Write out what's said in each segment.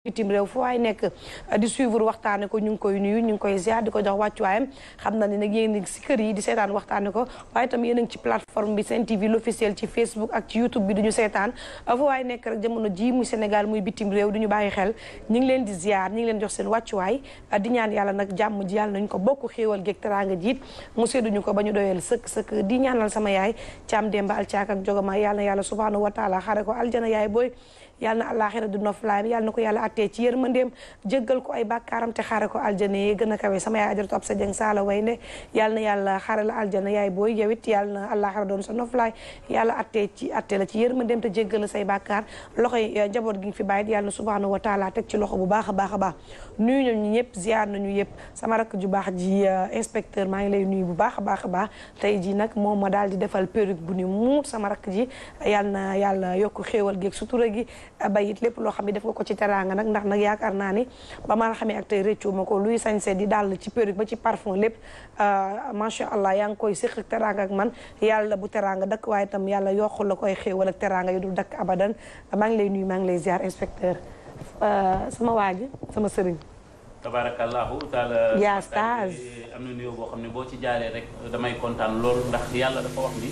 bitim réew fu waay nekk euh, di suivre waxtaane ko ñu ngi koy nuyu ñu ngi koy ziar di ko jox wàccuwaayam xam na ne nag yéen ngi si kër yi di seetaan waxtaane ko waaye itam yéen a ngi ci plateforme bi Sen TV l'officiel ci Facebook ak ci YouTube bi du ñu seetaan euh, fu waay nekk rek jamono jii muy Sénégal muy bitim réew du ñu bàyyi xel ñu ngi leen di ziar ñu ngi leen jox seen wàccuwaay euh, di ñaan yàlla nag jàmm ji yàlla nañ ko bokk xéewal géeg nga jiit mu ñu ko ba ñu doyal sëkk sëkk di ñaanal sama yaay Caam Demba Alcaak ak jogama yàlla na yàlla subhanahu wa taala xare ko aljana yaay booy yàlla na àllaaxira du noflaayam yàlla na ko yàlla attee ci yërmandeem jéggal ko ay bàkkaaram te xaare ko aljana yi gën a kawe sama yaay ajaratu ab sa jëng saala way ne yàlla na yàlla xaare la aljana yaay booy yow it yàlla na àllaaxira doon sa noflaay yàlla attee ci attee la ci yërmandeem te jéggal la say bàkkaar loxoy eh, njaboot gi fi bàyyit yàlla na subhaanahu wa taala teg ci loxo bu baax a baax a baax nuyu nañu ñëpp ziar nañu yëpp sama rakk ju baax ji eh, inspecteur maa ngi lay nuyu bu baax a baax a baax tey ji nag moom ma daal di defal perruque bu ni muut sama rakk ji yàlla na yàlla yokk xéewal gi ak sutura gi bay it lépp loo xam ne def ko ci teraanga nag ndax nag yaakaar naa ni ba ma xamee ak tey réccu ma ko luy sañse di dal ci perruque ba ci parfum lépp euh, macha allah yaa ngi koy séq ak teraanga ak man yàlla bu teraanga dakk waaye itam yàlla yokkul la koy xéewal ak teraanga yi du dakk abadan maa ngi lay nuyu maa ngi lay ziar inspecteur euh, sama waa ji sama sëriñ tabarakallahu taala yaa xam ne boo ci jaaree rek damay yàlla dafa wax ni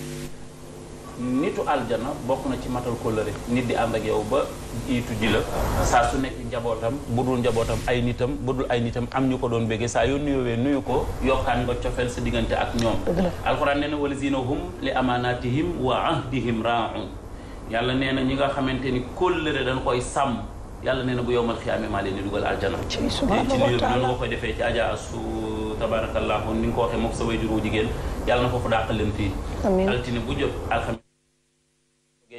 nitu aljana bokk na ci matal kóllëre nit di ànd ak ba iitu ji la saa su nekk njabootam bu dul njabootam ay nitam bu dul ay nitam am ñu ko doon béggee saa yoo nuyoowee nuyu ko yokkaan nga cofeel sa diggante ak ñoom alxuraan nee na wala zinahum li amaanatihim wa ahdihim raa'un yàlla nee na ñi nga xamante ni kóllëre dañ koy sàmm yàlla nee na bu yowmal xiyaame maa leen di dugal aljana ci nuyu noonu nga koy defee ci aja su tabarakallahu ni nga ko waxee mook sa way juru jigéen yàlla na ko fa dàqal leen fii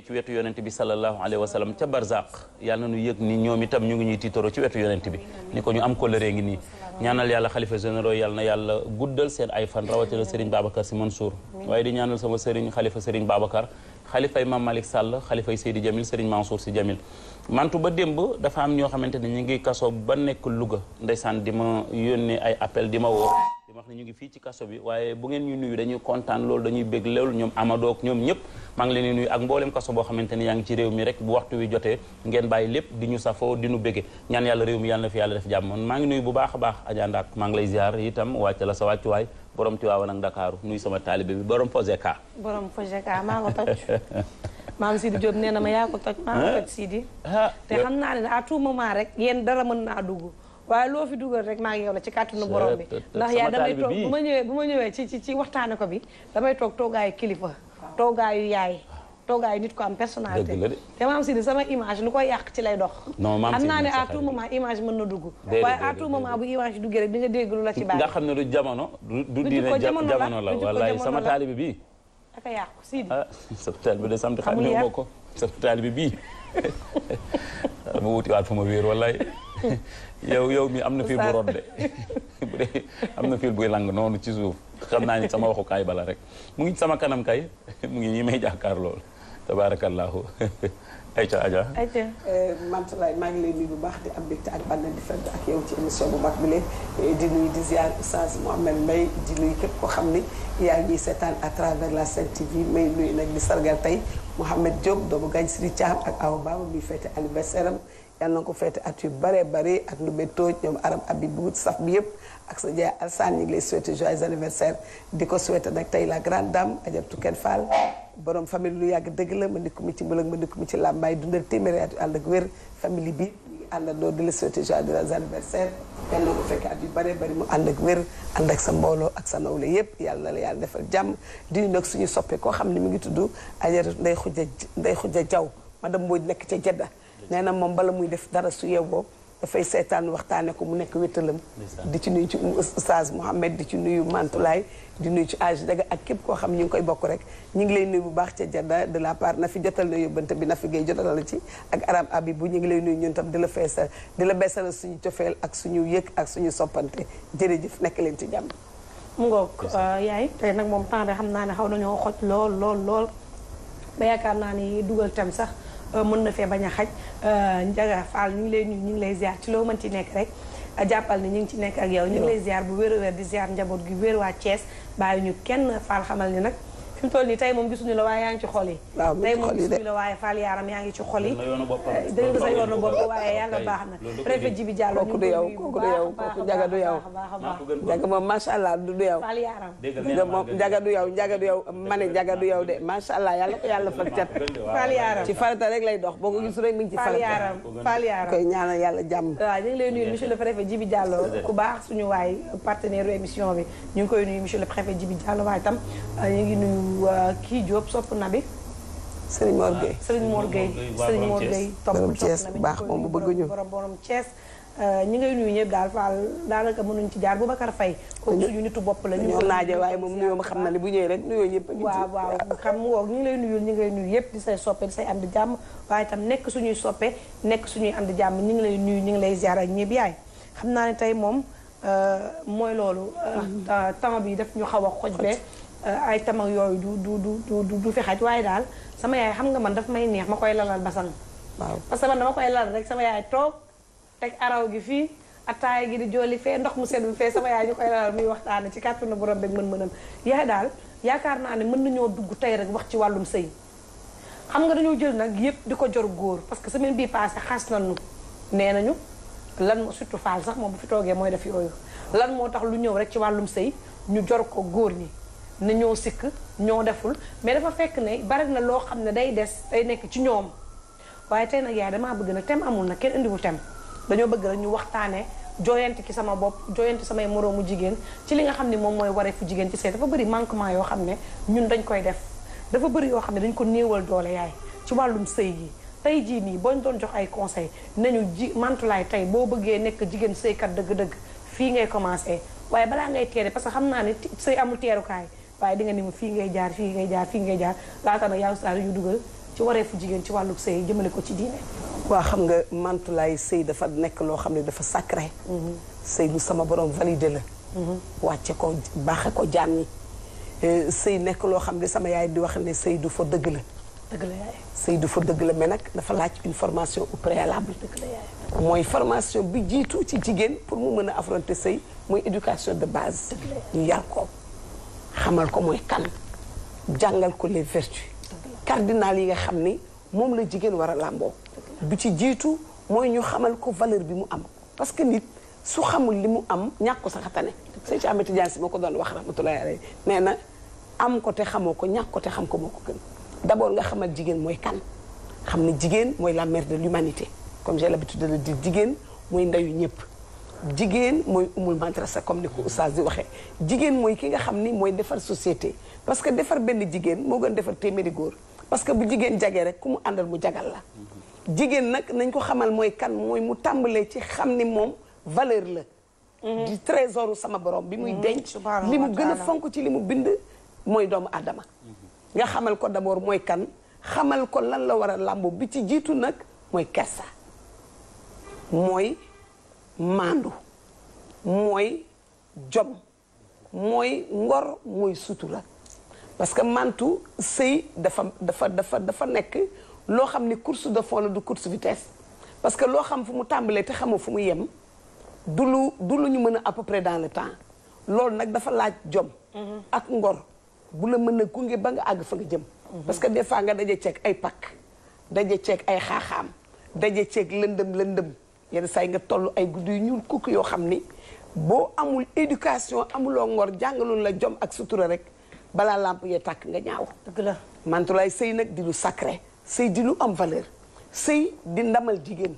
ci wetu yonent bi sallallahu alayhi wa sallam ca barzaq yàlla na ñu yëg ni ñoom itam ñu ngi ñuy tiitoro ci wetu yonent bi ni ko ñu am kóllëre ngi nii ñaanal yàlla xalifa généraux yàlla na yàlla guddal seen ay fan rawatina Serigne Babacar Sy Mansour waaye di ñaanal sama Serigne xalifa Serigne Babacar xalifay Mame Malick Sall xalifay Seydi Jamil Serigne Mansour Sy Jamil mantu ba démb dafa am ñoo xamante ni ñu ngi kaso ba nekk Louga ndeysaan di ma yónnee ay appel di ma woo di ñu ngi fii ci kaso bi waaye bu ngeen ñu kontaan loolu dañuy bég loolu ñoom amadook ñoom ñëpp maa ngi leen di nuyu ak boo xamante ni yaa ngi ci réew mi rek bu waxtu wi jotee ngeen bàyyi lépp di ñu safoo di ñu a lay ziar itam wàcc la sa wàccuwaay borom Tiwaawan ak sama taalibe bi borom Fojeka borom maa nga toj maam Sidi Diop nee na ma yaa ko toj maa nga toj Sidi ah, ah, te xam naa ne à tout moment rek yéen dara mën naa dugg waaye loo fi duggal rek maa ngi yow la ci kàttanu borom bi ndax yaa damay toog bu ma ñëwee bu ma ñëwee ci kilifa toogaayu yaay toogaayu nit ko am personnalité te maam si di sama image lu koy yàq ci lay dox xam naa ne à image mën na dugg waaye à tout moment bu image duggee rek di nga dégg lu ci bàyyi nga xam ne du jamono du diine jamono la wallaay sama taalibe bii aka yàqu sii di ah, de samedi xam ne moo ko sama taalibe bii ma fu ma wéer wallaay yow yow am na fil bu rod bu dee am na fil buy lang noonu ci suuf xam naa ni sama waxukaay bala rek mu ngi sama kanam kay mu ngi nii may jàkkaar lool tabaarakallaahu ayca aja ayca eh, Mantoulaye maa ngi lay nuyu bu baax di am mbégte ak bànn di fent ak ci émission bu mag bi leen eh, di nuyu di ziar Oustaz Mouhamed Mbaye di képp ko xam ni yaa ngi seetaan à travers la Sen TV may nuyu nag di sargal tey Mouhamed Diop doomu gañ Siri caam ak Awa Baba bi fête anniversaire am yàlla na ko fête at yu bare bare ak lu be tooj ñoom arab abib bu saf bi yëpp ak sa jaay Alsaan ñu ngi lay souhaité joyeux anniversaire di ko souhaité nag tey la grande dame Adjaratou kenn Fall borom famille lu yàgg dëgg la ma ndikku mi ci mbëlëg ma ndikku mi ci làmbaay dundal téeméeri at yu ànd wér famille bi àndandoo di la souhaité joyeux anniversaire yal na ko fekk at bari mu ànd ak wér ànd ak sa mbooloo ak sa nawle yépp yàlla na la yàlla defal jàmm di nag suñu soppe koo xam ne mu ngi tudd Adjaratou Ndeye Khoudia Ndeye Khoudia Diaw madame Mbodj nekk ca Jedda nee na moom bala muy def dara su yeewoo dafay seetaan waxtaane ko mu nekk wétalam di ci nuyu ci oustaz Mouhamed di ci nuyu Mantulaay di nuyu ci âge daga ak képp koo xam ñu ngi koy bokk rek ñu ngi lay nuyu bu baax ca Jadda de la part jotal na yóbbante bi na fi gay jotal la ci ak arab bu ñu ngi lay nuyu ñun tam di la feesal di la beesal suñu cofeel ak suñu yëg ak suñu soppante jërëjëf nekk leen ci jàmm mu ngoog euh, yaay tey nag moom temps xam naa ne xaw nañoo xoj lool lool lool ba yaakaar naa ni dugal tam sax Euh, mën na fee bañ a xaj euh, Ndiaga Fall ñu ngi lay ñu ngi lay ziar ci loo mën ci nekk rek euh, jàppal na ñu ngi ci nekk ak yow ñu ngi lay ziar bu wér a wér di ziar njaboot gi wér waa Thiès bàyyi ñu kenn Fall xamal ni nag fi mu toll nii tey moom gisuñu la waaye yaa ngi ci xol yi tey moom gisuñu la waaye Fall Yaram yaa ngi ci xol yi dëgg eh, yàlla baax na Jibi Diallo kooku yow kooku du yow kooku jaga du yow jaga moom macha allah du du yow Fall Yaram moom jaga du yow jaga du yow ma ne jaga du yow de macha allah yàlla ko yàlla fa cat Fall Yaram ci farata rek lay dox boo ko gisu rek mi ngi ci farata Fall Yaram koy ñaanal yàlla jàmm waaw ñu ngi lay nuyu monsieur le préfet Jibi Diallo waay partenaire émission bi ñu ngi koy nuyu monsieur Jibi Diallo waaye tam ñu ngi nuyu Euh, kii Diop sopp na bi. Serigne Mor Gueye Serigne Mor Gueye Serigne Mor Gueye topp borom baax moom bu bëgg ñu borom borom Thiès euh, ñi ngay nuyu ñëpp daal faal daanaka mënuñ ci jaar bu Boubacar Faye kooku suñu nitu bopp la ñu laaje waaye moom nuyoo xam na ne bu ñëwee rek nuyoo ñëpp waaw waaw xam woo lay nuyu ñi ngi lay nuyu yëpp di say soppee di say am di jàmm waaye tam nekk suñuy soppee nekk suñuy am di jàmm ñu ngi lay nuyu ñu ngi lay ziar ak ñëpp yaay xam naa ne tey moom euh, mooy loolu temps bi def ñu xaw a xoj bee ay tam yooyu du du du du du fi xaj waaye daal sama yaay xam nga man dafa may neex ma koy lalal basang waaw parce que man dama koy lalal rek sama yaay toog teg araw gi fii attaay gi di jooli fee ndox mu sedd fee sama yaay ñu koy lalal muy waxtaane ci kàttanu borom beeg mën-mënam yaay daal yaakaar naa ne mën nañoo dugg tey rek wax ci wàllum sëy xam nga dañoo jël nag yëpp di ko jor góor parce que semaine bii passé xas nañu nee nañu lan moo surtout Fall sax moom bu fi toogee mooy def yooyu lan moo tax lu ñëw rek ci wàllum sëy ñu jor ko góor ñi ne ñoo sikk ñoo deful mais dafa fekk ne bari na loo xam ne day des day nekk ci ñoom waaye tey nag yaay damaa bëgg na tem amul nag kenn indiwul tem dañoo bëgg rek ñu waxtaanee jooyante ki sama bopp jooyante samay moroomu jigéen ci li nga xam ne moom mooy wareefu jigéen ci sëy dafa bëri manquement yoo xam ne ñun dañ koy def dafa bëri yoo xam ne dañ ko néewal doole yaay ci wàllum sëy yi tey jii nii boo ñu doon jox ay conseil nañu ji mantulaay tey boo bëggee nekk jigéen sëykat dëgg-dëgg fii ngay commencé waaye balaa ngay teere parce que xam naa ne sëy amul teerukaay waaye di nga ni ma fii ngay jaar fii ngay jaar fii ngay jaar laata nag yaa ustaas yu dugal ci wareefu jigéen ci wàllu sëy jëmale ko ci diine waa xam mantulaay sëy dafa nekk loo xam ne dafa sacré mm-hmm. sëy lu sama borom validé la mm-hmm. wàcce ko baaxe ko jaam ñi eh, sëy nekk loo xam ne sama yaay di wax ne sëy du fa dëgg la dëgg la yaay du fa dëgg la mais nag dafa laaj une formation au préalable mooy formation bi jiitu ci jigéen pour mu mën a affronter sëy mooy éducation de base ñu yar xamal ko mooy kan jàngal ko les vertus cardinal yi nga xam ni moom la jigéen war a làmboo bu ci jiitu mooy ñu xamal ko valeur bi mu am parce que nit su xamul li mu am ñàkk ko sax a tane sëñ ci Ahmed Tidiane si moo ko doon wax rahmatullahi alayhi nee na am ko te xamoo ko ñàkk ko te xam ko moo ko gën d'abord nga xamal jigéen mooy kan xam ne jigéen mooy la mère de l'humanité comme j'ai l'habitude de le dire jigéen mooy ndeyu ñëpp jigéen mooy umul madrasa comme ni ko oustaz di waxee jigéen mooy ki nga xam ni mooy defar société parce que defar benn jigéen moo gën defar téeméeri góor parce que bu jigéen jagee rek ku mu àndal mu jagal la jigéen nag nañ ko xamal mooy kan mooy mu tàmbalee ci xam ni moom valeur la mhm. di trésoru sama borom bi muy mhm. denc li mu gën a fonk ci li mu bind mooy doomu aadama mhm. nga xamal ko d'abord mooy kan xamal ko lan la war a làmbo bi ci jiitu nag mooy kersa mooy maandu mooy jom mooy ngor mooy la parce que mantu sëy dafa dafa dafa dafa nekk loo xam ni course de fond la du course vitesse parce que loo xam fu mu tàmbalee te xamoo fu mu yem du lu du lu ñu mën a à peu dans le temps loolu nag dafa laaj jom mhm. ak ngor bu la mën a gunge ba nga àgg fa nga jëm mhm. parce que des fois nga daje ceeg ay pakk daje ceeg ay xaaxaam daje ceeg lëndëm lëndëm yenn saa yi nga toll ay guddi yu ñuul kukk yoo xam ni boo amul éducation amuloo ngor jàngaloon la jom ak sutura rek balaa làmp yee tàkk nga ñaaw. dëgg la mantulaay sëy nag di lu sacré sëy di lu am valeur sëy di ndamal jigéen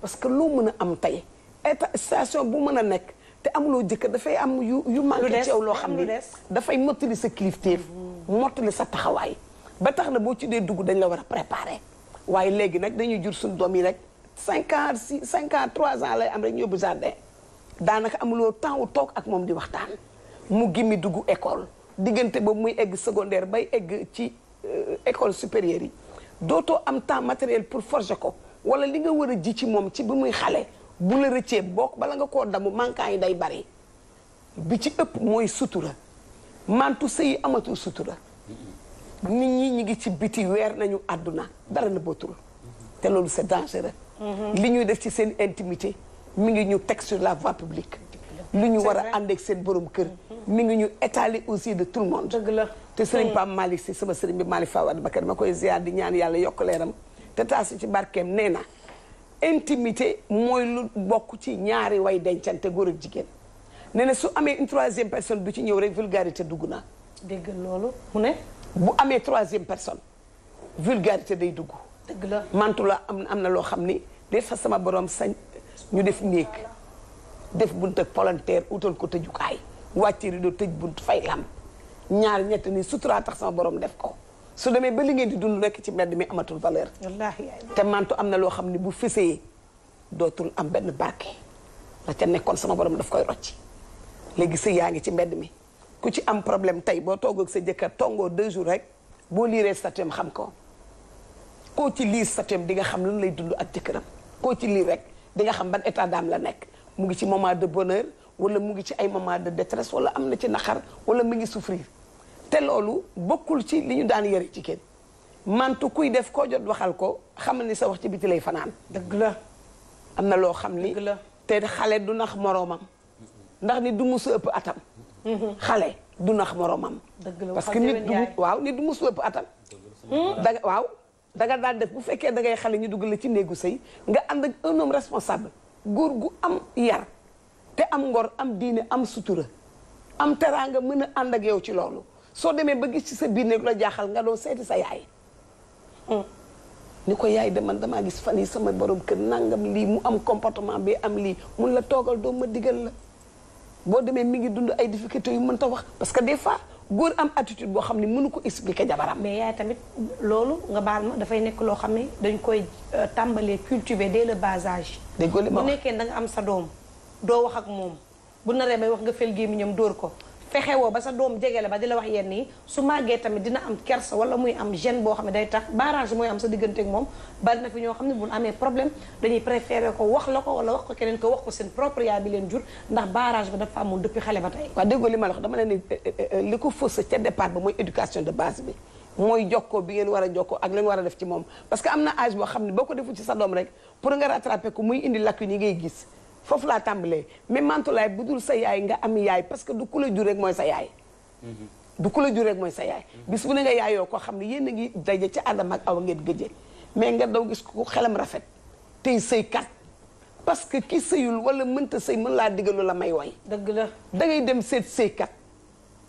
parce que loo mën a am tey état station bu mën a nekk te amuloo jëkkër dafay am yu yu manqué ci loo xam ni dafay mottali sa kilifteef mm-hmm. mottali sa taxawaay ba tax na boo ci dee dugg dañ la war a préparer waaye léegi nag dañuy jur suñ doom yi rek cinquante ans six cinq trois ans lay am rek ñu yóbbu jardin daanaka amuloo temps wu toog ak moom di waxtaan mu gimmi dugg école diggante ba muy egg secondaire bay egg ci euh, école supérieure yi dootoo am temps matériel pour forger ko wala li nga war a ji ci moom ci bi muy xale bu la rëccee bokk bala nga koo damu manquant yi day bari bi ci ëpp mooy sutura mantu sëy amatul sutura nit ñi ñu ngi ci biti weer nañu àdduna dara nëbbatul te loolu c'est dangereux Mm-hmm. li ñuy def ci seen intimité mi ngi ñu teg sur la voie publique lu ñu war a ànd dee seen borom kër mm-hmm. mi ngi ñu étaler aussi de tout le monde dëgg la te sëriñ mm. Pape Malick si sama sëriñ mali Malick Fawad Bakar ma koy ziar di ñaan yàlla yokk leeram te taasu ci barkeem nee na intimité mooy lu bokk ci ñaari way dencante góor ak jigéen nee na su amee une troisième personne bu ci ñëw rek vulgarité dugg naa dégg loolu mu ne bu amee troisième personne vulgarité day dugg dëgg la mantu la am am na loo xam ni des fa sama borom sañ ñu def néeg def bunt ak palanteer utal ko tëjukaay wàcce rido tëj bunt fay lam ñaar ñett ni sutura tax sama borom def ko su demee ba li ngeen di dund nekk ci mbedd mi amatul valeur te mantu am na loo xam ne bu fesee dootul am benn barke la ca nekkoon sama borom daf koy rocc léegi sëy yaa ngi ci mbedd mi ku ci am problème tey boo toog ak sa jëkkër tongoo deux jours rek boo liiree statut xam ko koo ci lii satem di nga xam lan lay dund ak jëkkëram koo ci lii rek di nga xam ban état d'âme la nekk mu ngi ci moment de bonheur wala mu ngi ci ay moment de détresse wala am na ci naqar wala mu ngi souffrir te loolu bokkul ci li ñu daan yëre jigéen mantu kuy def koo jot waxal ko xamal ni sa wax ci biti lay fanaan. dëgg la am na loo xam ni te xale du nax moroomam ndax ni du musu ëpp atam. Mm-hmm. xale du nax moroomam. parce que nit du waaw nit ëpp atam. Mm-hmm. waaw. danga daal def bu fekkee dangay xale ñu dugg la ci néegu sëy nga ànd ak un homme responsable góor gu am yar te am ngor am diine am sutura am teraa nga mën a ànd ak yow ci loolu soo demee ba gis ci sa biir néeg la jaaxal nga doon seeti sa yaay hmm. ni ko yaay de man damaa gis fan yi sama borom kër nangam lii mu am comportement bi am lii mun la toogal doo ma digal la boo demee mi ngi dund ay difficultés yu mën ta wax parce que des fois góor am attitude boo xam ne mënu ko expliquer jabaram. mais yaay tamit loolu nga baal ma dafay nekk loo xam ne dañ koy euh, tàmbalee cultiver dès le bas âge. déggoo li ma bu nekkee da am sa doom doo wax ak moom bu naree bay wax nga fel gémmiñam dóor ko. fexewoo ba sa doom jege la ba di la wax yenn yi su maggee tamit dina am kersa wala muy am gêne boo xam ne day tax barrage mooy am sa diggante moom bari na fi ñoo xam ne bu amee problème dañuy préféré ko wax la ko wala wax ko keneen ko seen propre bi leen jur ndax barrage ba dafa amoon depuis xale ba tey. waaw déggoo li ma la wax dama ne ni eh, eh, eh, de base bi mooy jokkoo bi ngeen war a jokkoo ak a def ci moom parce que am na âge boo xam ne boo ko defu ci sa doom rek pour nga rattraper ko muy indi lacune yi ngay gis. foofu laa tàmbalee mais Mantoulaye bu dul sa yaay nga am yaay parce que du ku la jur rek mooy sa yaay. Mhm. du ku la jur rek mooy sa yaay. Mhm. bis bu ne nga yaayoo koo xam ne yéen a ngi daje ci Adama ak aw ngeen gëjee mais nga daw gis ko xelam rafet tey kat parce que kii sëyul wala mënta sëy mën laa digalu la may way. dëgg la da ngay dem seet sëykat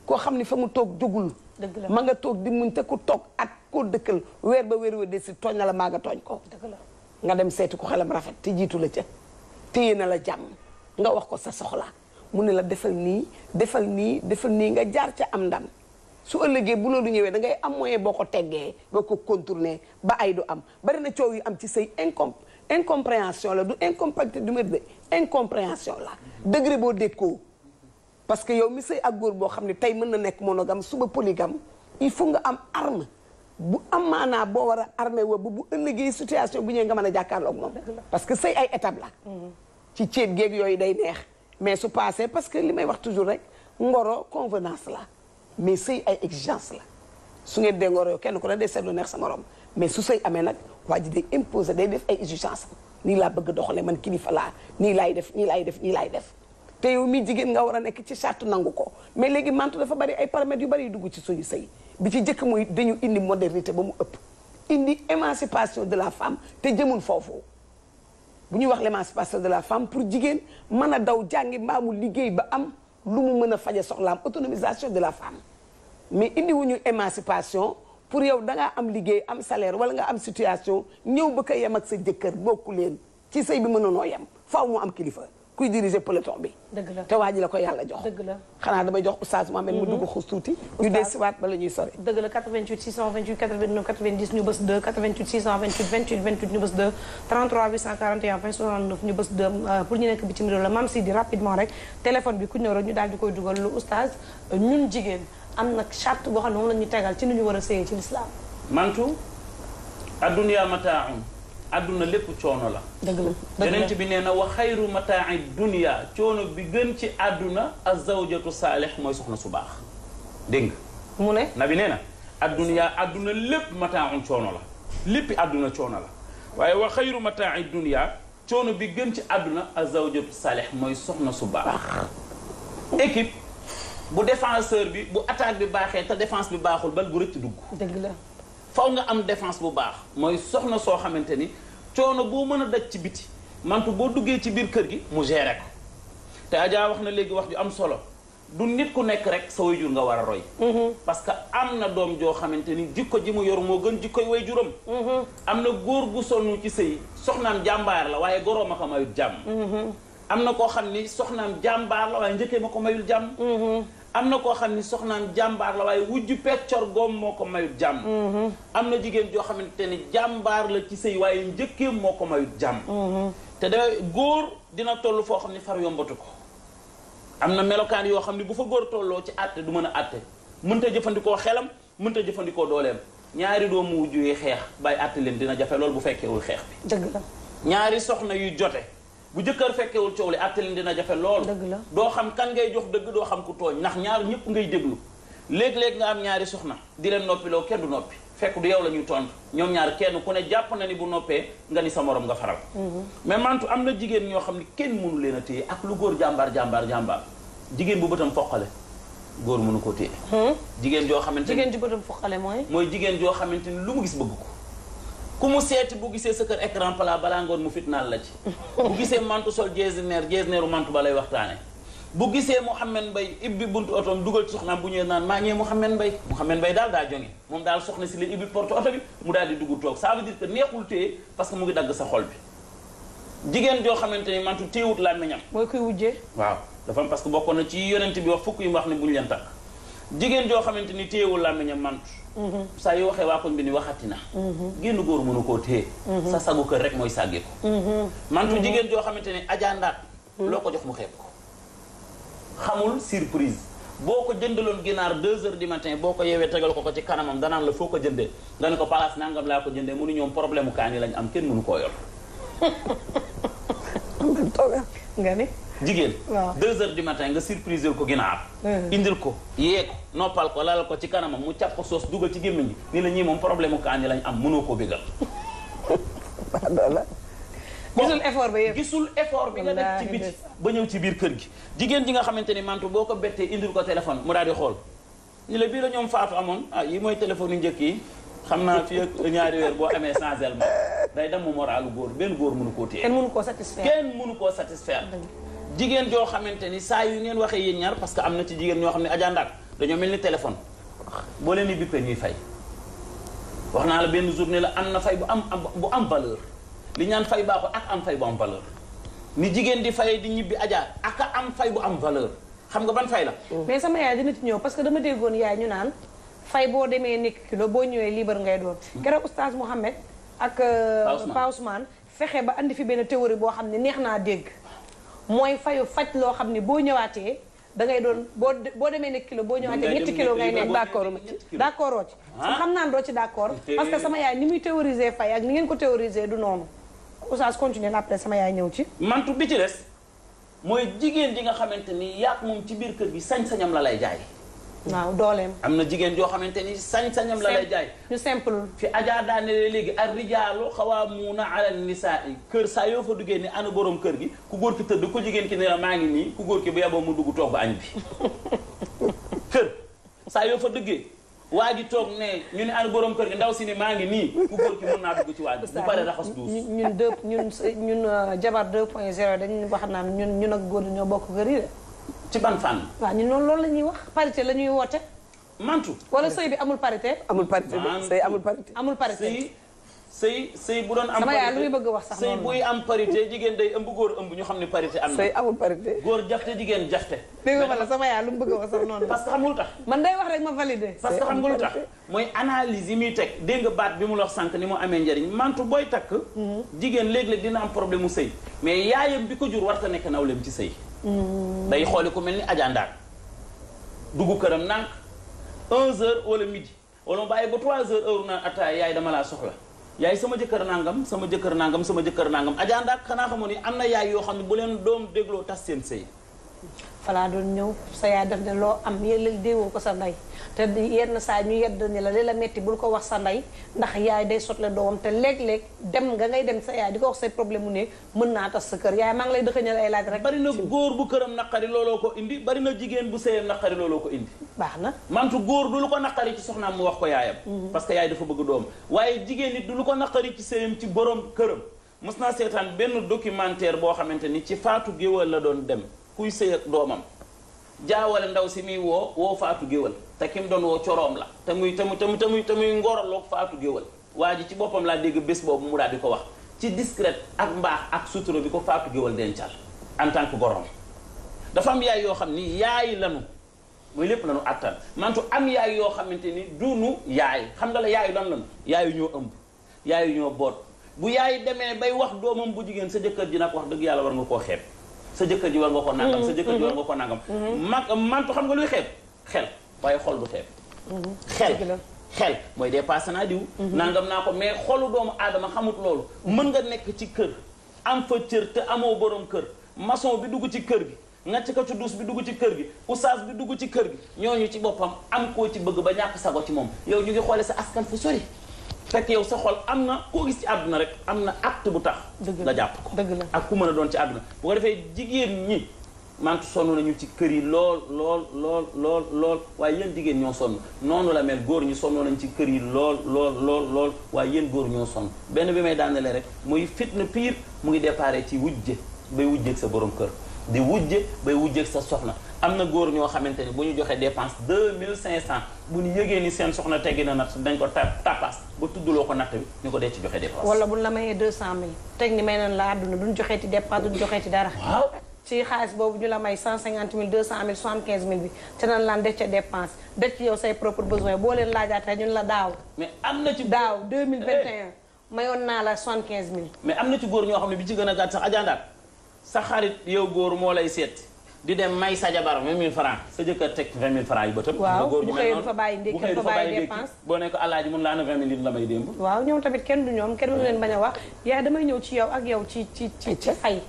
koo xam ne fa mu toog jógul. dëgg la ma nga toog di muñ te ku toog ak koo dëkkal weer ba weer wee de si tooñ na la maa nga tooñ la nga dem seeti ku xelam rafet te jiitu la ca. téye na la jàmm nga wax ko sa soxla mu ne la defal nii defal nii defal nii nga jaar ca am ndam su ëllëgee bu loolu ñëwee da ngay am moyen boo ko teggee nga ko contourner ba ay du am bari na coow yu am ci say incom incompréhension la du incompatibilité du mét de la degré boo déggoo parce que yow mi sëy ak góor boo xam ne tey mën na nekk gam suba polygame il faut nga am arme bu am maanaa boo war a armé wa bu bu ëllëgee situation bu ñëwee nga mën a jàkkaarloog moom. parce que sëy ay étape la. Mm-hmm. ci ceet géeg yooyu day neex. mais su passé parce que li may wax toujours rek ngoro convenance la mais sëy ay exigence la su ngeen dee ngoro kenn ku ne day seetlu neex sa morom mais su sëy amee nag waa ji day imposer day def ay exigence nii laa bëgg doxalee man kilifa laa nii laay def nii laay def nii laay def. te yow mii jigéen nga war a nekk ci charte nangu ko mais léegi mantu dafa bari ay paramètres yu bari dugg ci suñu sëy bi ci njëkk mooy dañu indi modernité ba mu ëpp indi émancipation de la femme te jëmul foofu bu ñuy wax l'émancipation de la femme pour jigéen mën a daw jàngi mbaa mu liggéey ba am lu mu mën a faje soxlaam autonomisation de la femme mais indi wuñu émancipation pour yow da ngaa am liggéey am salaire wala nga am situation ñëw ba ko yem ak sa jëkkër bokku leen ci sëy bi mënunoo yem faaw mu am kilifa kuy diriger peloton bi. te waa ji la ko yàlla jox. xanaa damay jox oustaz Mohamed mu mhm. dugg xuus tuuti. ñu deesiwaat bala ñuy sori. dëgg la 88 628 89 90 ñu bës 2 88 628 28 28 ñu bës ñu bës 2 euh, pour ñu nekk bitim réew la maam si di rapidement rek téléphone bi ku ñëw rek ñu daal di koy dugal lu oustaz euh, ñun jigéen am na charte boo xam ne tegal ci nu ñu war a séyee ci lislaam mantu adduniya mataaun àdduna lépp coono la. dëgg la yonent bi nee na wa xayru mataa'i dunya coono bi gën ci àdduna azawjatu saalix mooy soxna su baax dégg nga. mu ne nabi nee na. àdduna àdduna lépp mataa'un coono la léppi àdduna coono la waaye wa xayru mataa'i dunya coono bi gën ci àdduna azawjatu saalix mooy soxna su baax. équipe bu défenseur bi bu attaque bi baaxee te défense bi baaxul bal bu rëcc dugg. dëgg la. faw nga am défense bu baax mooy soxna soo xamante ni coono boo mën a daj ci biti mant boo duggee ci biir kër gi mu gérer ko te Adja wax na léegi wax ju am solo du nit ku nekk rek sa wayjur nga war a roy mm-hmm. parce que am na doom joo xamante ni jikko ji mu yor moo gën jikko jikkoy wayjuram mm-hmm. am na góor gu sonn ci sëy soxnaam jàmbaar la waaye goroom a ko mayul jàmm mm-hmm. am na koo xam ni soxnaam jàmbaar la waaye njëkkee ma ko mayul jàmm am na koo xam ni soxnaam jàmbaar la waaye wujju peccor goom moo ko mayut jàmm mhm. am na jigéen joo xamante ni jàmbaar la ci sëy waaye njëkkeem moo ko mayut jàmm mhm. te da góor dina toll foo xam ni far yombatu ko am na melokaan yoo xam ni bu fa góor tolloo ci àtte du mën a àtte mënta jëfandikoo xelam mënta jëfandikoo dooleem ñaari doomu wujju yu xeex baay àtte leen dina jafe loolu bu fekkeewul xeex bi dëgg la ñaari soxna yu jote bu jëkkër fekkewul coow li àttalin dina jafe lool doo xam kan ngay jox dëgg doo xam ku tooñ ndax ñaar ñëpp ngay déglu léeg-léeg nga am ñaari soxna di leen noppi loo kenn du noppi fekk du yow la ñuy tontu ñoom ñaari kenn ku ne jàpp na ni bu noppee nga ni sa moroom nga faral mhm. mais mantu am na jigéen ñoo xam ne kenn mënu leen a téye ak lu góor jàmbaar jàmbaar jàmbaar jigéen bu bëtam foqale góor mënu ko téye hmm? jigéen joo xamante ni jigéen ju bëtam foqale mooy mooy jigéen joo xamante ni lu mu gis bëgg ko ku mu seeti bu gisee sa kër écran plat balaa ngoon mu fitnaal la ci bu gisee mantu sol jeesineer jeesineeru mantu ba lay waxtaane bu gisee Mouhamed Mbaye ibbi buntu otoom dugal ci soxnaam bu ñëwee naan maa ñëwee Mouhamed Mbaye Mouhamed Mbaye daal daa jonge moom daal soxna si la ibbi porte oto bi mu daal di dugg toog ça veut dire que neexul téye parce que mu ngi dagg sa xol bi jigéen joo xamante ni mantu téewut làmmiñam mooy kuy wujjee waaw dafa parce que na ci yonent bi wax fukk jigéen joo xamante ni téyewul làmmiñam mantu mhm. saa yu waxee waa koñ bi ni waxati na mhm. génn góor mënu koo téye mhm. sa sagu kër rek mooy sàggee ko mantu jigéen joo xamante ni ajandaat loo ko jox mu xeeb ko xamul surprise boo ko jëndaloon ginaar 2 heures di matin boo ko yeewee tegal ko ko ci kanamam danaan la foo ko jëndee nga ne ko palaas nangam laa ko jëndee mënu ñoom problème u kaani lañ am kenn mënu koo yor nga ni jigéen. waaw deux heures du matin nga surprise ko ginaar. Mm-hmm. indil ko yee ko noppal ko lal ko ci kanamam mu càpp soos dugal ci gémmiñ gi ni la ñuy moom problème mu kaani lañ am munoo koo bégal. gisul effort ba yëpp gisul effort bi nga def ci biti ba ñëw ci biir kër gi jigéen ji nga xamante ni mantu boo ko bettee indil ko téléphone mu daal di xool ni la bii la ñoom faatu amoon ah yi mooy téléphone yu njëkk yi xam naa fii ñaari weer boo amee sans élément day dem mu moralu góor benn góor mënu koo téye kenn mënu koo satisfaire kenn mënu koo satisfaire jigéen joo xamante ni saa yu ngeen waxee yéen ñaar parce que am na ci jigéen ñoo xam ne ajandaak dañoo mel ni téléphone boo leen di bippee ñuy fay wax naa la benn journée la am na fay bu am bu am valeur li ñaan fay baaxul ak am fay bu am valeur ni jigéen di fay di ñibbi ajaar ak am fay bu am valeur xam nga ban fay la. Mm. mais sama yaay da ci ñëw parce que dama déggoon yaay ñu naan fay boo demee nekk kilo boo ñëwee liibar ngay doon. Mm. keroog oustaz Mouhamed ak. Euh, pa Ousmane fexe ba andi fi benn théorie boo xam ne neex naa dégg. mooy fayu faj loo xam ne boo ñëwaatee da ngay doon boo boo demee ne kilo boo ñëwaatee ñetti kilo ngay nekk d'accord ma ci d'accord oo ci ah. xam ci d'accord parce que sama yaay ni muy théoriser fay ak ni ngeen ko théoriser du noonu oustaz continuer na après sama yaay ñëw ci mantu bi ci des mooy jigéen di nga xamante ni yaaq moom ci biir kër gi sañ-sañam la lay jaay waaw dooleem. am na jigéen joo xamante ni sañ-sañam la lay jaay. ñu simple fi ajaa daane léegi ar rijaalu xawaamuuna ala nisaa yi kër saa yoo fa duggee ni ana boroom kër gi ku góor ki tëdd ku jigéen ki ne maa ngi nii góor ki bu yaboo mu dugg toog ba añ kër saa yoo fa duggee waa ji toog ne ñu ne ana borom kër gi ndaw si ne maa ngi nii ku góor ki mën naa dugg ci waa ji bu pare raxas duus ñun deux ñun ñun euh, jabar 2 point 0 dañu wax naan ñun ñun ak góor ñoo bokk kër yi de ci ban fànn. waaw ñun noonu loolu la ñuy wax parité la ñuy woote. mantu wala sëy bi amul parite amul parité sëy amul parité. amul parité sëy sëy bu doon am. sama yaay lu muy bëgg wax sax sëy buy am parité jigéen day ëmb góor ëmb ñu xam ne parité am na. sëy amul parité. góor jaxte jigéen jaxte. dégg nga la sama yaay lu mu bëgg wax sax noonu parce que xam tax. man day wax rek ma validé. parce que xam tax mooy analyse yi muy teg. dégg nga baat bi mu la wax sànq ni mu amee njariñ mantu booy takk. Mhm. jigéen léeg-léeg dina am problème mu sëy mais yaayam bi ko jur war ta nekk nawleem ci sëy Hmm. day xooli ku mel ni ajandaar dugg këram nànk 11h wala midi wala mu bàyyi ba 3h heure naan attaay yaay dama laa soxla yaay sama jëkkër nangam sama jëkkër nangam sama jëkkër nangam ajandaar xanaa xamoon ni am na yaay yoo xam ne bu leen doom dégloo tas seen sëy. falaa doon ñëw sa yaay def ne loo am yëlal déewoo ko sa ndey. te yenn saa ñu yedd ni la li la metti bul ko wax sa ndey ndax yaay day sotle doomam te léeg-léeg dem nga ngay dem sa yaay di ko wax say problème mu ne mën naa tas sa kër yaay maa ngi lay dëxëñal ay laaj rek bari na góor bu këram naqari looloo ko indi bari na jigéen bu sëyam naqari looloo ko indi baax na mantu góor du lu ko naqari ci soxna mu wax ko yaayam mhm. parce que yaay dafa bëgg doom waaye jigéen nit du lu ko naqari ci sëyam ci borom këram mos naa seetaan benn documentaire boo xamante ni ci faatu géwal la doon dem kuy sëy ak doomam jaawale ndaw si muy woo woo faatu te ki doon woo coroom la te muy te muy te muy te muy ngoraloog faatu géwal waa ji ci boppam laa dégg bés boobu mu daal di ko wax ci discret ak mbaax ak sutura bi ko faatu géwal dencal en tant que gorom dafa am yaay yoo xam ni yaay lanu mooy lépp lanu àttan mantu am yaay yoo xamante ni duunu yaay xam nga la yaayu lan lanu yaay ñoo ëmb yaayu ñoo boot bu yaay demee bay wax doomam bu jigéen sa jëkkër ji nag wax dëgg yàlla war nga koo xeeb sa jëkkër ji war nga ko nangam sa jëkkër ji war nga ko nangam mm-hmm. mag mantu xam nga luy xeeb xel waaye xol bu xeeb mhm. xel xel mooy dépassé naa diw mhm. nangam naa ko mais xolu doomu aadama xamut loolu mën nga nekk ci kër am fa cër te amoo boroom kër maçon bi dugg ci kër gi ngacc ka ci duus bi dugg ci kër gi oustaz bi dugg ci kër gi ñooñu ci boppam am koo ci bëgg ba ñàkk sago ci moom yow ñu ngi xoole sa askan fu sori fekk yow sa xol am na koo gis ci àdduna rek am na att bu tax nga jàpp ko ak ku mën a doon ci àdduna bu ko defee jigéen ñi man sonn nañu ci kër yi lool lool lool lool lool waaye yéen jigéen ñoo sonn noonu la mel góor ñi sonnoon nañ ci kër yi lool lool lool lool waaye yéen góor ñoo sonn benn bi may daanale rek muy fitna pire mu ngi déparé ci wujje bay wujjeeg sa borom kër di wujje bay wujjeeg sa soxna am na góor ñoo xamante ni bu ñu joxee dépense 2500 bu ñu yëgee ni seen soxna teggi na natt dañ ko tapas ba tuddloo ko natt bi ñu ko dee ci joxe dépense. wala bu la mayee 200000 teg ni may nañ la àdduna duñ joxeeti dépense duñ dara. waaw. ci xaalis boobu ñu la may 150 000 mil 000 75 000 bi te nan laan def ca dépense def ci yow say propre besoin boo leen laajaatee ñun la daaw. mais am na ci daaw 2021 eh. naa la 75 000. mais am na ci góor ñoo xam ne bi ci gën a gàtt sax ajandaat sa xarit yow góor moo lay seet. di dem may sa jabar 20000 francs sa jëkkër teg 20000 francs yi ba tëb. waaw bu xëyee du fa bàyyi ndékki du fa bàyyi dépense boo nekk alaaji mun laa ne 20000 litres la may démb. waaw ñoom tamit kenn ak yow ci ci ci fay.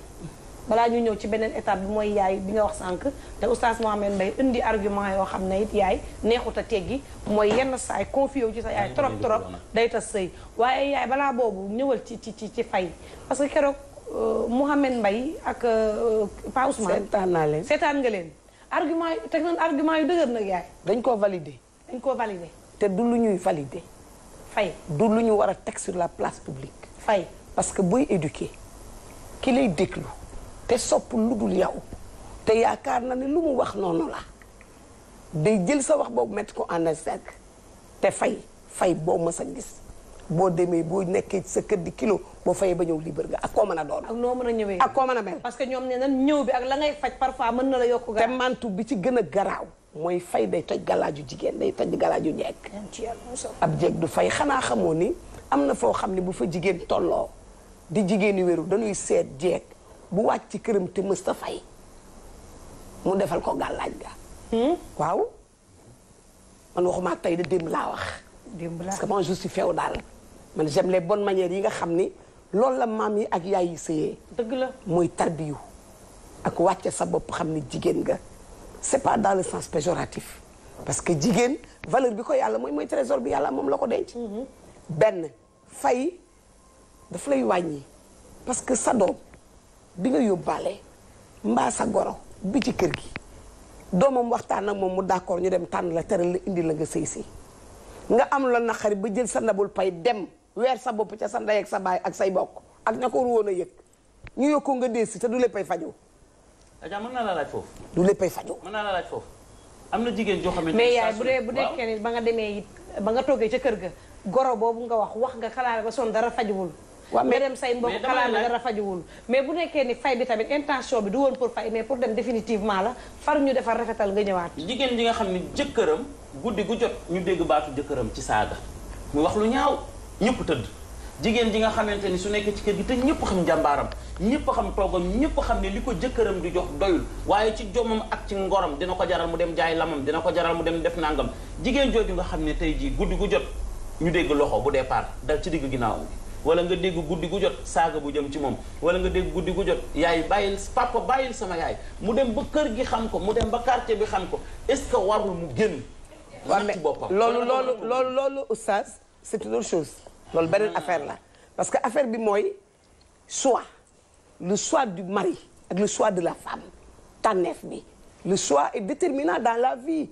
balaa ñu ñëw ci beneen état bi mooy yaay bi nga wax sànq te oustaz Mohamed Mbaye indi argument yoo xam ne it yaay neexut a teggi mooy yenn saay confié wu ci sa yaay trop trop day tas sëy waaye yaay balaa boobu ñëwal ci ci ci ci fay parce que keroog euh, Mohamed mbay ak euh, Pa Ousmane seetaan naa leen seetaan nga leen argument te noon argument yu dëgër nag yaay dañ koo validé dañ koo validé te du lu ñuy validé fay du lu ñu war a teg sur la place publique fay parce que buy éduquer ki lay te sopp lu dul yow te yaakaar na ne lu mu wax noonu la day jël sa wax boobu mettre ko en échec te fay fay boo ma a gis boo demee boo nekkee sa kër di kilo boo fayee ba ñëw libre nga ak koo mën a doon. ak noo mën a ñëwee ak koo mën a mel. parce que ñoom nee na ñëw bi ak la ngay faj parfois mën na la yokk. te bi ci gën a garaaw. mooy fay day toj galaaju jigéen day toj galaaju jeeg. ab jeeg du fay xanaa xamoo ni am na foo xam ne bu fa jigéen tolloo di jigéen yu wéru dañuy seet jeeg. bu wàcc ci këram te mës ta fay mu defal ko gàllaaj ga hmm? waaw man waxuma ak tey de démb laa wax parce que man je suis féodal man j'aime les bon manières yi nga xam ni loolu la maam yi ak yaay yi sëyee dëgg la mooy tarbiyu ak wàcce sa bopp xam ni jigéen nga c'est pas dans le sens péjoratif parce que jigéen valeur bi ko yàlla mooy mooy trésor bi yàlla moom la ko denc hmm. benn fay daf lay wàññi parce que sa doom bi nga yóbbaale mbaa sa goro bi ci kër gi doomam waxtaan nag moom mu d'accord ñu dem tànn la teral la indi la nga sëy si nga am la naqari ba jël sa ndabul pay dem weer sa bopp ca sa ndey ak sa baay ak say bokk ak ña ko woon a yëg ñu yokku nga deesi te du léppay faju aja mën naa la laaj foofu. du léppay fajoo. mën naa la laaj foofu. am na jigéen joo xamante mais yaay bu dee bu dee kenn ba nga demee it ba nga toogee ca kër ga goro boobu nga wax wax nga xalaat ba son dara fajuwul. waaw mais dem say mbokk xalaat la rafajuwul mais bu nekkee ni fay bi tamit intention bi du woon pour fay mais pour dem définitivement la faru ñu defar rafetal nga ñëwaat. jigéen ji nga xam ne jëkkëram guddi gu jot ñu dégg baatu jëkkëram ci saaga mu wax lu ñaaw ñëpp tëdd jigéen ji nga xamante ni su nekkee ci kër gi te ñëpp xam njàmbaaram ñëpp xam toogam ñëpp xam ne li ko jëkkëram di jox doyul waaye ci jomam ak ci ngoram dina ko jaral mu dem jaay lamam dina ko jaral mu dem def nangam jigéen jooju nga xam ne tey jii guddi gu jot ñu dégg loxo bu départ dal ci diggu ginnaaw bi wala nga dégg guddi gu jot saaga bu jëm ci moom wala nga dégg guddi gu jot yaay bàyyil papa bàyyil sama yaay mu dem ba kër gi xam ko mu dem ba quartier bi xam ko est-ce que warul mu génn waaw mais loolu loolu loolu loolu oustaz c'est une autre chose loolu beneen hmm. affaire la parce que affaire bi mooy choix le choix du mari ak le choix de la femme tànneef bi le choix est déterminant dans la vie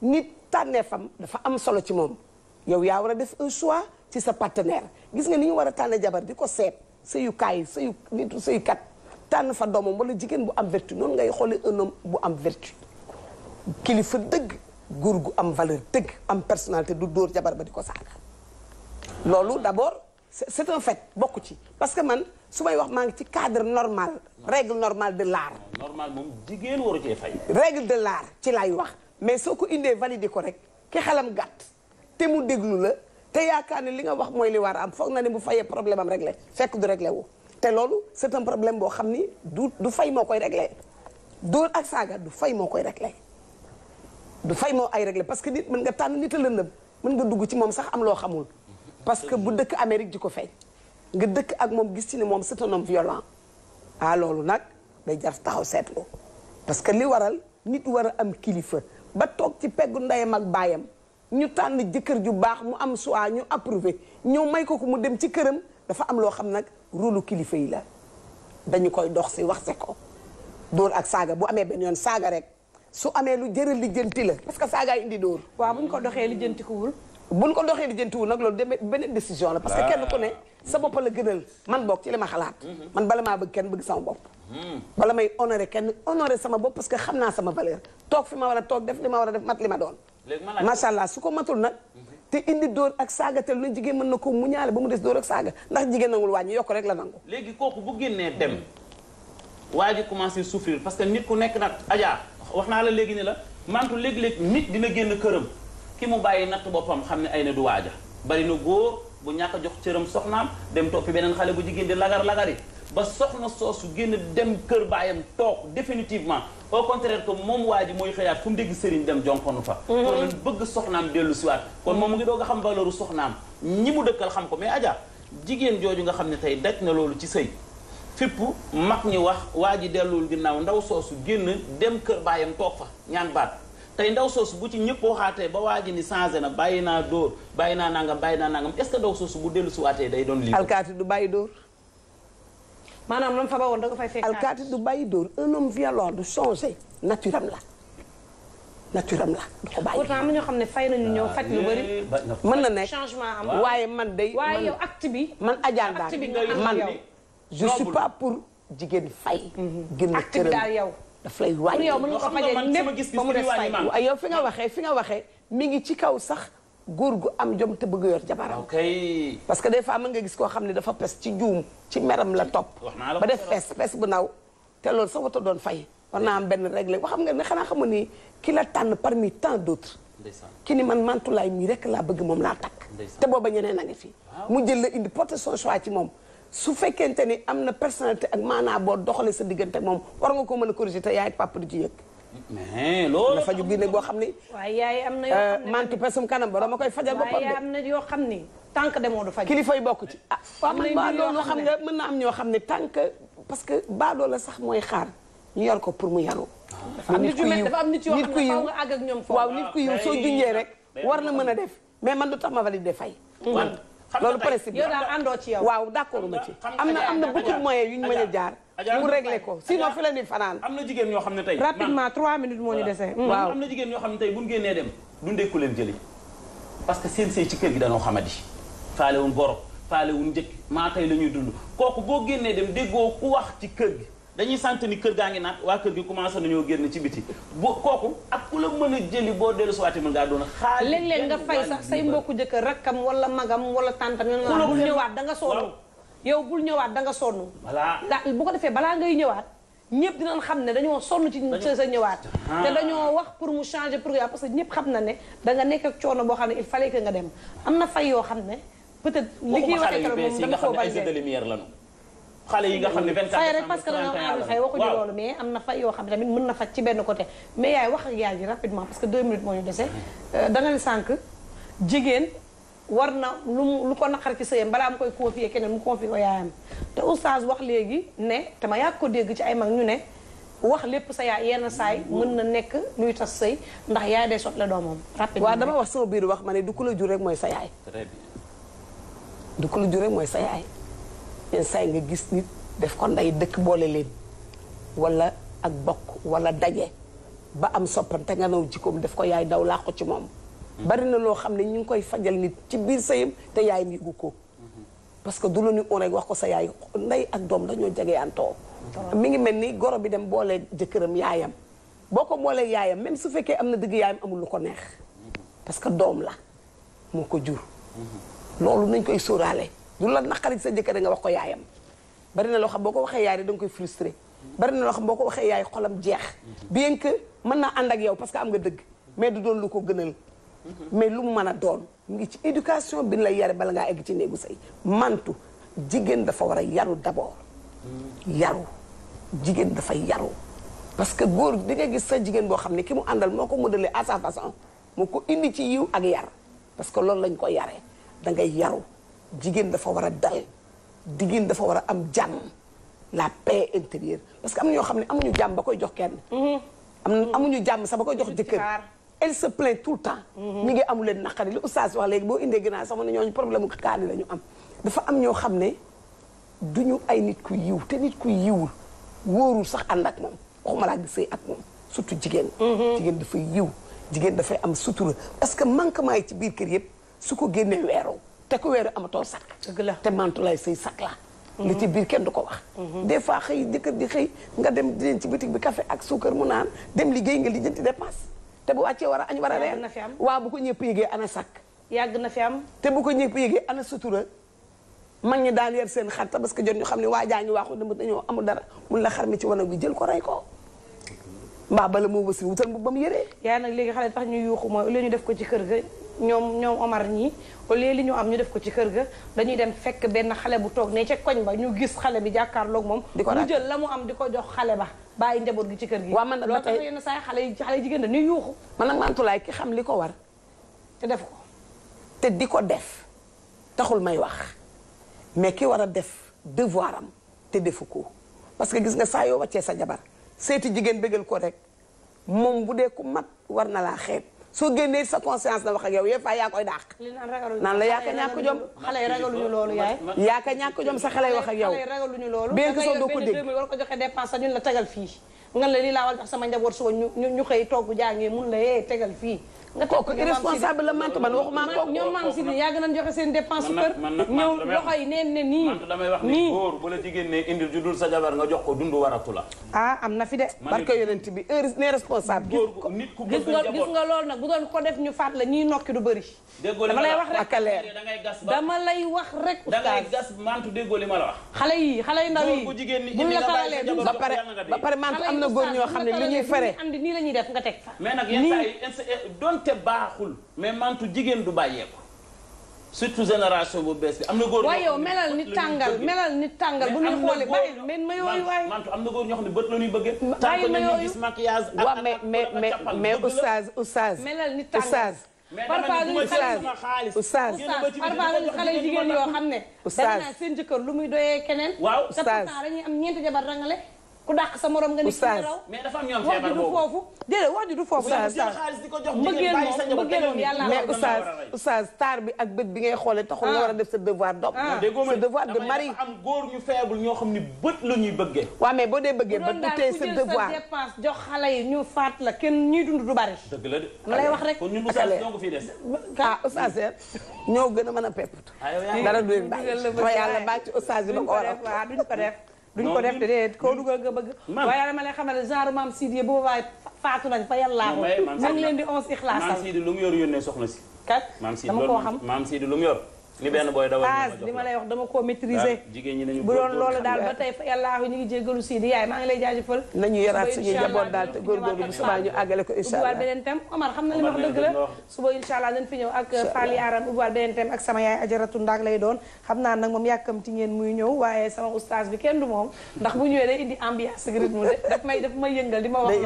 nit tànneefam dafa am solo ci moom yow yaa war a def un ci sa partenaire gis nga ni ñu war a tànn jabar di ko seet sëyukaay sëyu nitu tànn fa doomam wala jigéen bu am vertu noonu ngay xoole un bu am vertu kilifa dëgg góor gu am valeur dëgg am personnalité du dóor jabar ba di ko saaga loolu d'abord c'est un fait bokk ci parce que man su may wax maa ngi ci cadre normal règle normale de l'art normal moom jigéen waru cee fay règle de l'art ci laay wax mais soo ko indee validé ko rek ki xelam gàtt te mu déglu la te yaakaar ne li nga wax mooy li war a am foog na ne bu fayee problème am réglé fekk du réglé wu te loolu c'est un problème boo xam ni du du fay moo koy réglé dóor ak saaga du fay moo koy regle du fey moo ay réglé parce que nit mën nga tànn nit a lëndëm mën nga dugg ci moom sax am loo xamul parce que bu dëkk Amérique di ko fay nga dëkk ak moom gis ci ne moom c'est un homme violent ah loolu nag day jar taxaw ko parce que li waral nit war a am kilifa ba toog ci peggu ndeyam ak baayam ñu tànn jëkkër ju baax mu am choix ñu approuvé ñëw may ko ko mu dem ci këram dafa am loo xam nag rôlu kilifa yi la dañu koy dox si wax se ko dóor ak saaga bu amee benn yoon saaga rek su amee lu jëral lijjanti la parce que saaga indi dóor. waaw bu ñu ko doxee lijjanti ko wul. bu ñu ko doxee lijjanti wul nag loolu demee beneen décision la. parce que kenn ku ne sa bopp la gënal man bokk ci li ma xalaat. man bala maa bëgg kenn bëgg sama bopp. bala may honoré kenn sama bopp parce que xam naa sama valeur toog fi a toog def li ma war a def mat li ma macha allah su ko matul nag te indi dóor ak saaga te lu jigéen mën na ko mu muñaale ba mu des dóor ak saaga ndax jigéen nangul wàññi yokk rek la nangu léegi kooku bu génnee dem waa ji commencé souffrir parce que nit ku nekk nag ajaa wax naa la léegi ni la mantu léeg-léeg nit dina génn këram ki mu bàyyi natt boppam xam ne ay na du waaja bari na góor bu ñàkk a jox cëram soxnaam dem toppi beneen xale bu jigéen di lagar-lagari ba soxna soosu génn dem kër baayam toog définitivement o contraire que moom waa ji mooy xëyaat fu mu dégg sëriñ dem jonkonu fa kon mhm. lan bëgg soxnaam dellu siwaat kon moom mu ngi doog a xam valeur u soxnaam ñi mu dëkkal xam ko mais Adja jigéen jooju nga xam ne tey daj na loolu ci sëy fipp mag ñi wax waa ji delluwul ginnaaw ndaw soosu génn dem kër baayam toog fa ñaan baat tey ndaw soosu bu ci ñëpp xaatee ba waa ji ni changé na bàyyi naa dóor bàyyi naa nangam bàyyi naa nangam est ce que ndaw soosu dellu si waatee day doon lii alkaati du bàyyi dóor maanaam lam fa bawoon da ko fay fekk. alkaati du bàyyi dóor un homme violent du changé naturam la naturam la du ko bàyyi. pourtant am ñoo xam ne fay nañu ñëw faj lu bëri. Ah, mën na nekk changement am waaye man day. waaye yow acte bi man ajaan daal man je suis pas pour jigéen fay. Mhm. gën a cëram yow. daf lay wàññi yow mën nga ko fajee lépp ba mu des fay yow fi nga waxee fi nga waxee mi ngi ci kaw sax. góor gu am jom te bëgg yor jabaram. parce que des fois nga gis koo xam ne dafa pes ci juum ci meram la topp. ba def pes pes bu naw te loolu sa woto doon fay. war naa am benn règle wax xam nga ne xanaa xamu ni ki la tànn parmi tant d'autres. ki ni man mantulaay mii rek laa bëgg moom laa takk. te booba ba a ngi fi. mu jël la indi porter son choix ci moom. su fekkente ni am na personnalité ak maanaa boo doxalee sa diggante moom war nga ko mën a corriger te yaay ci yëg. mais loolu faju génne boo xam ni. waaye yaay am na yoo euh, xam pesum kanam ba dama koy fajal boppam de. am na yoo xam ni tànk demoo du faj. kilifa yi bokk ci ah. am na loolu xam nga mën na am ñoo xam ne tànk parce que baadoo la sax mooy xaar ñu yor ko pour mu yaru. am nit ku yiw dafa am nit yoo xam ne faaw nga ñoom foofu. waaw nit ku yiw soo ah, junjee rek war na mën a def mais man du tax ma valide fay. man loolu principe yow daal àndoo ci yow waaw d'accord ma ci am na am na beaucoup moyen yu ñu mën a jaar mu réglé ko sinon fi la ñuy fanaan am na jigéen ñoo xam ne tey rapidement trois minutes moo ñu desee waaw am na jigéen ñoo xam ne tey bu ñu génnee dem du ndekku leen jëli parce que seen see ci kër gi danoo xamadi faale wuñ goro faale wuñ njëkk maa tey la ñuy dund kooku boo génnee dem déggoo ku wax ci kër gi dañuy sant ni kër gaa ngi naat waa kër gi commencé nañoo génn ci biti bu kooku ak ku la mën a jëli boo dellu siwaati mën ngaa doon xaalis léeg-léeg nga fay sax say mbokku jëkkër rakkam wala magam wala tàntam ñu la ñëwaat da nga sonn yow bul ñëwaat da nga sonn voilà bu ko defee balaa ngay ñëwaat ñëpp dinañ xam ne dañoo sonn ci sa ñëwaat ah. te dañoo wax pour mu changer programme parce que ñëpp xam na ne danga nekk ak coono boo xam ne il fallait que nga dem am na fay yoo xam ne peut-être li kiy waxee keroog moom dama koo xale yi nga xam ne 24 fay rek parce que da nga am fay waxuñu loolu mais am na fay yoo xam tamit mën na faj ci benn côté mais yaay wax ak yaay ji rapidement parce que deux minutes moo dese euh, da nga ne sànq jigéen war na lu lu ko naqar ci sëyam balaa mu koy confier keneen mu confier ko yaayam te oustaz wax léegi ne te ma yàgg ko dégg ci ay mag ñu ne wax lépp sa yaay yenn saay mën na nekk luy tas sëy ndax yaay day sotle doomam rapidement waa dama wax sama biir wax ma ne du ku la jur rek mooy sa yaay du ku la mooy sa yaay yenn saa yi nga gis nit def ko nday dëkk boole leen wala ak bokk wala daje ba am soppante nga naw jikkoom def ko yaay daw laa ko ci moom bari na loo xam ne ñu ngi koy fajal nit ci biir sëyam te yaayam yëgu ko parce que du la ñu on rek wax ko sa yaay ndey ak doom dañoo jege antoo mi ngi mel ni goro bi dem boole jëkkëram yaayam boo ko boolee yaayam même su fekkee am na dëgg yaayam amul lu ko neex parce que doom la moo ko jur loolu nañ koy sóoraale du la naqari sa jëkkër nga wax ko yaayam bari na loo xam boo ko waxee yaay rek koy frustré bari na loo xam boo ko waxee yaay xolam jeex bien que mën naa ànd ak yow parce que am nga dëgg mais du doon lu ko gënal mais lu mu mën a doon mu ngi ci éducation bi lay yare bala ngaa egg ci néegu sëy mantu jigéen dafa war a yaru d'abord yaru jigéen dafay yaru parce que góor di nga gis sa jigéen boo xam ne ki mu àndal moo ko modeler à sa façon moo ko indi ci yiw ak yar parce que loolu lañ ko yaree da ngay yaru jigéen dafa war a dal jigéen dafa war a am jàmm la paix intérieure parce que am ñoo xam ne amuñu jàmm ba koy jox kenn. am ñu jàmm sax ba koy jox jëkkër. elle se plaint tout le temps. mi ngi amu leen naqari li oustaz wax léegi boo indee gannaaw sax ma ne ñooñu problème mu kaani la am. dafa am ñoo xam ne du ñu ay nit ku yiw te nit ku yiwul wóorul sax ànd ak moom waxuma laa gisee ak moom surtout jigéen. Mhm. jigéen dafay yiw jigéen dafay am sutura parce que manquement yi ci biir kër yëpp su ko génnee weeroo. te ku weeru amatoo sakk. dëgg la te mantu lay sakk la. li ci biir kenn du ko wax. des fois xëy jëkkër di xëy nga dem di leen ci boutique bi kafe ak suukar mu naan dem liggéey nga li lijjanti dépense te bu wàccee war a añ war a reer waaw bu ko ñëpp yëgee ana sakk. yàgg na fi am. te bu ko ñëpp yëgee ana sutura mag ñi daan yar seen xar parce que jot ñu xam ne waa jaa ñu waaxu dem dañoo amul dara mun la xar mi ci wanag bi jël ko rey ko. mbaa bala moo wasi wutal bu ba mu yëree. yaa nag léegi xale tax ñu yuuxu mooy li ñu def ko ci kër ga ñoom ñoom Omar ñi au lieu li ñu am ñu def ko ci kër ga dañuy dem fekk benn xale bu toog nee ca koñ ba ñu gis xale bi jàkkaarloog moom mu jël la mu am di ko jox xale ba bàyyi njaboot gi ci kër gi waaw man loolu tax yenn saa xale yi xale jigéen da ni man nag mantulaay ki xam li ko war te def ko te di ko def taxul may wax mais ki war a def devoir am te defu ko parce que gis nga saa yoo wàccee sa jabar seeti jigéen bëggal ko rek moom bu dee ku mat war na laa xeeb soo génnee sa conscience na wax ak yow yëpp ay yaa koy dàq. naan la yaa ka ñàkk jom. xale yi ragaluñu loolu yaay. yaa ka ñàkk jom sa xale yi wax ak yow. xale yi ragaluñu loolu. bien que soo doo ko dégg war ko joxe dépense ñun la tegal fii. nga la lii laa war a jox sama njaboot suba ñu ñu xëy togg jàngee mun la yee eh, tegal fii nga kooku irresponsable la mantu ban waxuma kooku ñoom maam si nii yàgg nañ joxe seen dépense kër ñëw loxo yi neen ne nii man wax ni góor bu la jigéen ne indi ju dul sa jabar nga jox ko dund waratu la ah am na fi de barke yonent bi heure ne responsable gis nga loolu nag bu doon ko def ñu faat la ñiy nokki du bëri déggoo lay ma la wax ak a leer dama lay wax rek. da ngay gas mantu déggoo li ma la wax. xale yi xale yu ndaw yi bu jigéen ñi indi nga bàyyi sa ba pare ba pare mantu am na góor ñoo xam ne li ñuy fere. nii la ñuy def nga teg fa. mais nag yenn saa yi eh, donte baaxul. mais mantu jigéen du bàyyeeku. surtout génération bu bees bi am na góor waaye yow melal ni tàngal melal ni tàngal bu ñuy xoolee bàyyi mais ma yooyu waaye mantu am na góor ñoo xam ne bët la ñuy bëggee tànk nañu gis maquillage waaw mais mais mais mais oustaz oustaz melal ni tàngal parfois duñu xale oustaz parfois duñu xale jigéen yoo xam ne. oustaz dana seen jëkkër lu muy doyee keneen. waaw oustaz te pourtant dañuy am ñeenti jabar rangale ku dàq sa moroom nga ni sa raw mais dafa am ñoom feebar boobu wax ji du foofu déedéet wax ji du foofu mais oustaz oustaz taar bi ak bët bi ngay xoolee taxul nga ah. war a def sa devoir d'homme ah. sa devoir de mari góor ñu faible ñoo xam ni bët la ñuy bëggee waaw mais boo dee bëggee bët bu tey sa devoir jox xale yi ñu faat la kenn ñuy dund du bari dëgg la de ma lay wax rek kon ñun oustaz ñoo ko fii des kaa ah, eh, gën a mën a pepput dara du leen bàyyi yàlla bàyyi ci oustaz yi ba ko war a duñ ko def duñ ko def de koo dugal nga bëgg. waaye dama lay xamal genre maam Sidi boobu waaye faatu nañ fa yàlla ko. ñu ngi leen di onze ixlaasal maam Sidi lu mu yor yónnee soxna si. kat dama koo xam kat maam Sidi lu mu yor. li benn booy dawal ma lay wax dama ko maîtriser jigéen ñi nañu bu doon loolu daal ba tey yàllaahu ñu ngi jéggalu sii di yaay maa ngi lay jaajëfal nañu yaraat daal te góorgóorlu bu subaa ñu àggale ko incha allah ubbiwaat beneen thème Omar xam na ak sama yaay ajaratu ndaag lay doon xam naa nag moom yàkkamti ngeen muy ñëw waaye sama oustaz bi kenn du moom ndax bu ñëwee day indi ambiance rythme daf may daf may yëngal di ma wax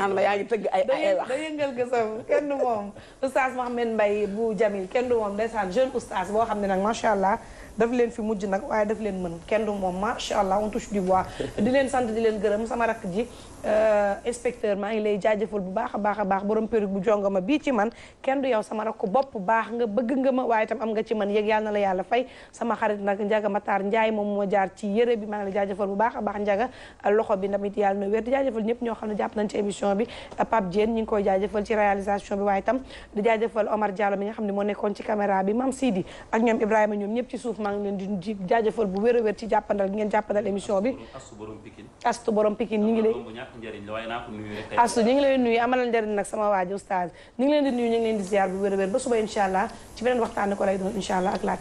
naan la yaa ngi tëgg ay ay wax da yëngal gësam kenn du moom oustaz Mohamed Mbaye bu Jamil kenn du moom ndeysaan jeune oustaz boo xam ne nag macha allah daf leen fi mujj nag waaye daf leen mën kenn du moom macha allah on touche du bois di leen sant di leen gërëm sama rakk ji Euh, inspecteur maa ngi lay jaajëfal bu baax a baax a baax borom perruque bu jongama bii ci man kenn du yow sama rakk bopp baax nga bëgg nga ma waaye tam am nga ci man yëg yàlla na la yàlla fay sama xarit nag Njaga Matar Njaay moom moo jaar ci yëre bi maa ngi lay jaajëfal bu baax a baax Njaga euh, loxo bi na wér di jaajëfal ñëpp ñoo xam ne jàpp nañ ci émission bi euh, Pape Diène ñu ngi koy jaajëfal ci réalisation bi waaye tam di jaajëfal Omar Diallo mi nga xam ne moo nekkoon bi Mam Sidi ak ñoom Ibrahima ñoom ñëpp ci suuf maa ngi leen di jaajëfal bu wér a wér ci jàppandal ngeen jàppandal émission bi astu borom Pikine ñi ngi ñàkk njëriñ la waaye naa ko nuyu rek asu ñu ngi leen nuyu amalal njëriñ nag sama waaj oustaz ñu ngi leen di nuyu ñu ngi leen di ziar bu wér a wér ba suba incha allah ci beneen waxtaan ko lay doon incha allah ak la